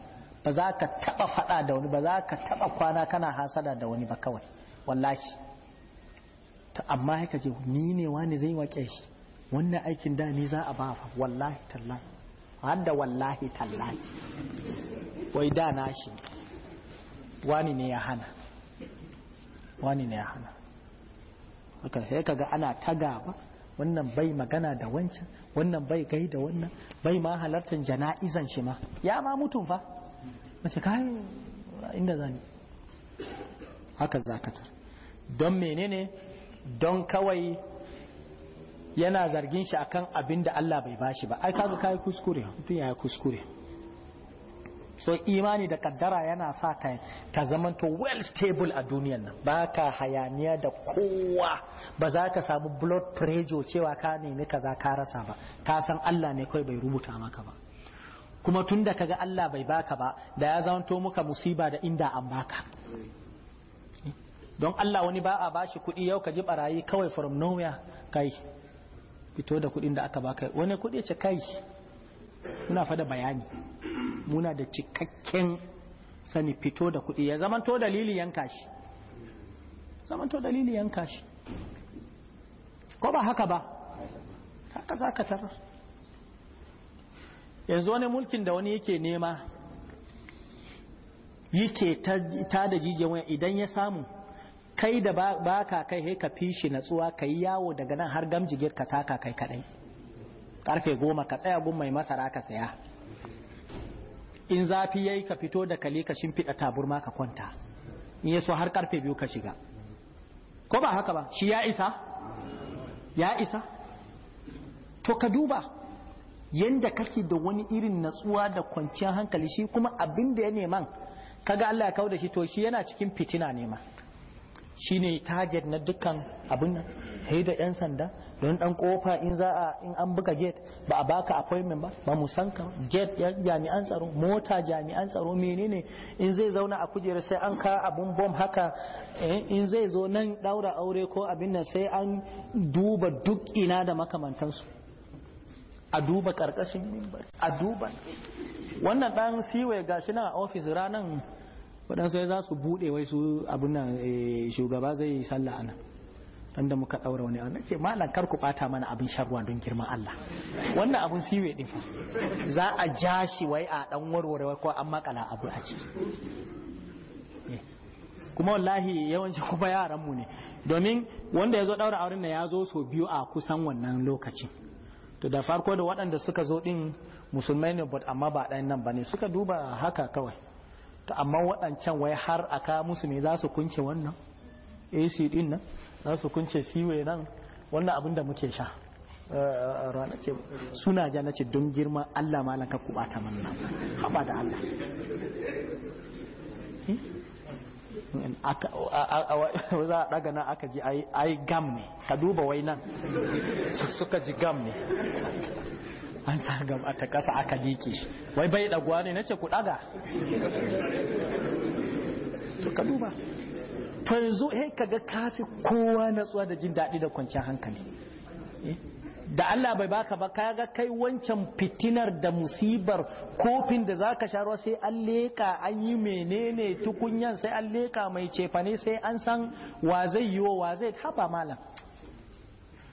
ba za ka taɓa faɗa da wani ba za ka taɓa kwana kana hasada da wani ba kawai wallahi ta amma haka ce ni ne wani zai waƙe shi wannan aikin da ni za a ba fa wallahi tallahi har da wallahi tallahi wai da na shi wani ne ya hana wani ne ya hana haka sai ga ana taga ba wannan bai magana da wancan wannan bai gai da wannan bai ma halartar jana'izan shi ma ya ma mutum fa mace kai inda zani haka zakatar don menene don kawai yana zargin shi akan abin da Allah bai bashi ba ai kaga kai kuskure mutum ya kuskure so imani da kaddara yana sa ka ka zamanto well stable a duniyan nan ba ka hayaniya da kowa ba za ka samu blood pressure cewa ka nemi kaza ka rasa ba ka san Allah ne kawai bai rubuta maka ba kuma tun da kaga Allah bai baka ba da ya zamanto muka musiba da inda an baka don Allah wani ba a bashi kuɗi yau ka ji barayi kawai from nowhere kai fito da kuɗin da aka baka wani kuɗi ce kai muna fada bayani muna da cikakken sani fito da kuɗi ya zamanto dalili yanka shi zamanto dalili yanka shi ko ba haka ba haka za ka tarar yanzu wani mulkin da wani yake nema yake ta da jijiyar idan ya samu kai da ba ka kai ka fi shi natsuwa ka yi yawo daga nan har gamjigir ka taka kai kadai karfe goma ka tsaya gun mai masara ka saya in zafi yayi ka fito da kali ka shimfiɗa taburma ka kwanta in yaso har karfe biyu ka shiga ko ba haka ba shi ya isa ya isa to ka duba yadda kake da wani irin natsuwa da kwanciyar hankali shi kuma abin da ya neman kaga Allah ya kawo da shi to shi yana cikin fitina nema ne tajar na dukkan abin nan haida yan sanda don dan kofa in za a in an buga gate ba a baka appointment ba ba mu san ka gate jami'an tsaro mota jami'an tsaro menene in zai zauna a kujera sai an ka abun bomb haka eh, in zai zo nan daura aure ko abin nan sai an duba duk ina da makamantansu a duba karkashin mimbar a duba wannan dan siwe gashi nan a office ranan waɗansu ya za su buɗe wai su abin nan eh, shugaba zai sallah nan dan da muka daura wani an ce malam kar ku bata mana abin sharwa don girman Allah wannan abun siwe din fa za a jashi wai a dan warware ko an makala abu a ci eh. kuma wallahi yawanci (laughs) kuma yaran mu ne domin wanda yazo daura auren na ya zo so biyu a kusan wannan lokaci. to da farko da waɗanda suka zo din musulmai ne but amma ba ɗan nan bane suka duba haka kawai to amma waɗancan wai har aka musu me za su kunce wannan AC din nan Na su kunce siwe nan wannan abin da muke sha eh, eh, eh, rana ce suna ja nace don girma Allah malan ka kubata manna haba da Allah (laughs) za a daga nan aka ji ai gam ne ka duba wai nan suka ji gam ne an sa gam a ta kasa aka liƙe wai bai ɗaguwa ne na ce ku ɗaga to ka duba to yanzu ka ga kafi kowa natsuwa da jin daɗi da kwanciyar hankali eh? da Allah bai baka ba kaga kai wancan fitinar da musibar kofin da zaka sha ruwa sai an leka an yi menene tukunyan sai an leka mai cefane sai an san wa zai yi wa zai haba malam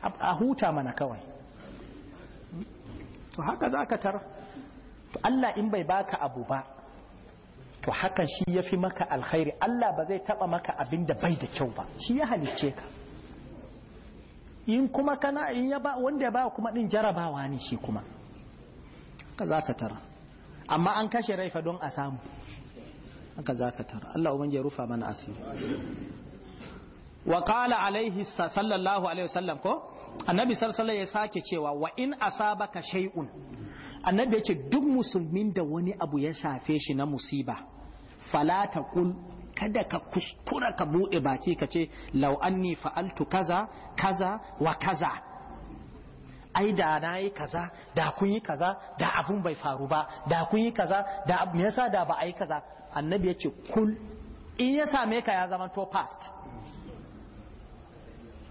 a huta mana kawai to haka zaka tar Allah in bai baka abu ba to hakan shi ya fi maka alkhairi Allah ba zai taba maka abin da bai da kyau ba shi ya halicce ka in kuma kana in ya ba wanda ya ba kuma din jarabawa ne shi kuma haka za ka tara amma an kashe rai fa don a samu haka za ka tara Allah ubangi ya rufa mana asiri wa qala alaihi sallallahu alaihi wasallam ko annabi sallallahu alaihi ya sake cewa wa in asabaka shay'un annabi yace duk musulmin da wani abu ya shafe shi na musiba fala taqul kada ka kuskura ka buɗe baki ka ce law anni fa'altu kaza kaza wa kaza ai da na yi kaza da kun yi kaza da abun bai faru ba da kun yi kaza da me yasa da ba a yi kaza annabi ya ce kul in ya same ka ya zama to past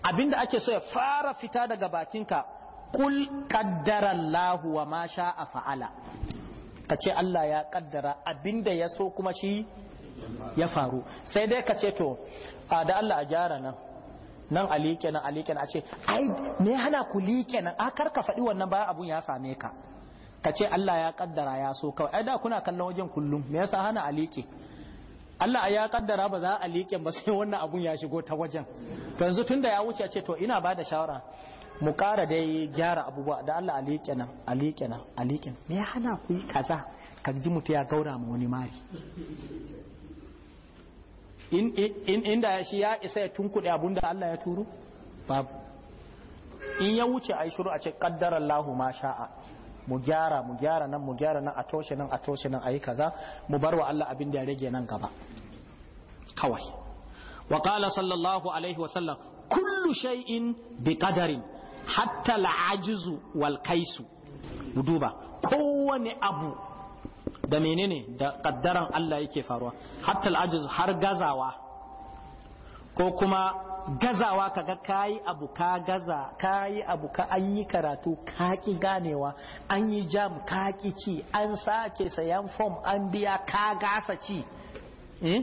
abinda ake so ya fara fita daga bakinka kul qaddara Allahu wa ma sha'a fa'ala ka ce Allah ya kaddara abinda ya so kuma shi ya faru sai dai ka ce to da Allah a gyara nan nan a liƙe nan a liƙe nan a ce ai ne hana ku liƙe nan a kar ka faɗi wannan bayan abun ya same ka ka ce Allah ya kaddara ya so kawai ai da kuna kallon wajen kullum me yasa hana a liƙe Allah ya kaddara ba za a liƙe ba sai wannan abun ya shigo ta wajen yanzu tunda ya wuce ce to ina ba da shawara mu ƙara dai gyara abubuwa da Allah alikina alikina alikina me ya hana ku yi kaza ka ji mutu ya gaura ma wani mari in in inda shi ya isa ya tunkuɗe abun da Allah ya turo babu in ya wuce a yi shiru a ce kaddara Allah ma sha'a mu gyara mu gyara nan mu gyara nan a toshe nan a toshe nan a yi kaza mu bar wa Allah abin da ya rage nan gaba kawai wa qala sallallahu alaihi wa sallam kullu shay'in bi qadarin hatta la'ajizu wal kaisu duba kowane abu da menene da kaddaran Allah yake faruwa hatta al'ajizu har gazawa ko kuma gazawa kaga kayi abu ka gaza kayi abu ka an yi karatu ka ki ganewa an yi jam ka ki ci an sake sayan form an biya ka gasa ci eh?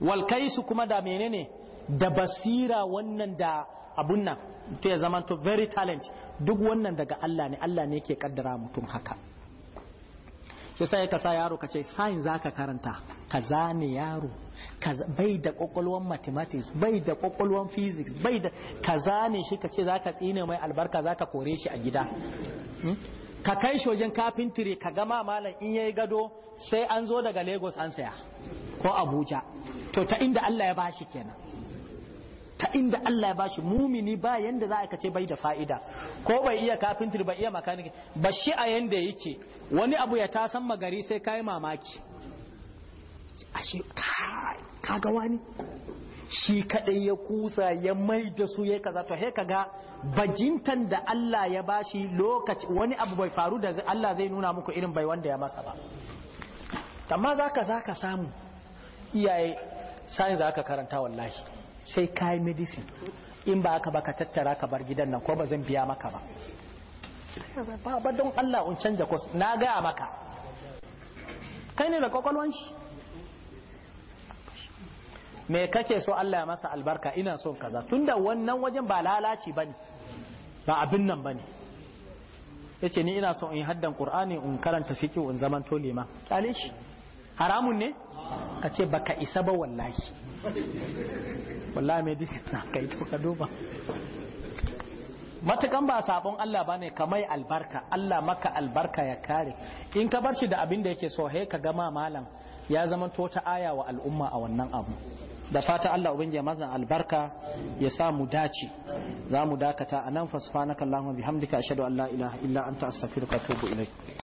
wal walkaisu kuma da menene da basira wannan da abun nan ta ya zama to very talent duk wannan daga Allah ne Allah ne yake kaddara mutum haka shi sai ka sa yaro kace sai za zaka karanta kaza ne yaro kaza bai da kokolwan mathematics bai da kokolwan physics bai da kaza ne shi kace za zaka tsine mai albarka zaka kore shi a gida hmm? ka kai shi wajen carpentry ka gama malam in yayi gado sai an zo daga Lagos an saya ko Abuja to ta inda Allah ya bashi kenan ta inda Allah ya bashi mumini ba yanda za a kace bai da fa'ida ko bai iya kafintir bai iya makaniki ba shi a yanda yake wani abu ya ta san magari sai kai mamaki ashe ka ga wani shi kadai ya kusa ya mai da su ya kaza to he kaga bajintan da Allah ya bashi lokaci wani abu bai faru da Allah zai nuna muku irin bai wanda ya masa ba amma zaka zaka samu iyaye sai zaka karanta wallahi sai kayi medicine in ba aka baka tattara ka bar gidan nan ko ba zan biya maka ba ba don Allah un canja kos na gaya maka kai ne da kwakwalwan shi me kake so Allah ya masa albarka ina son kaza tunda wannan wajen ba lalaci bane ba abin nan bane yace ni ina so in haddan qur'ani in karanta fiqh in zaman to lima haramun ne kace baka isa ba wallahi wallahi medicine na kai to ka duba Matakan ba sabon Allah bane kamai albarka Allah maka albarka ya kare in ka bar shi da abin da yake so he ka gama malam ya zama to ta aya wa al'umma a wannan abu da fata Allah ubangiji ya mazan albarka ya sa mu dace za mu dakata anan fa subhanakallahumma bihamdika ashhadu an la ilaha illa anta astaghfiruka wa atubu ilaik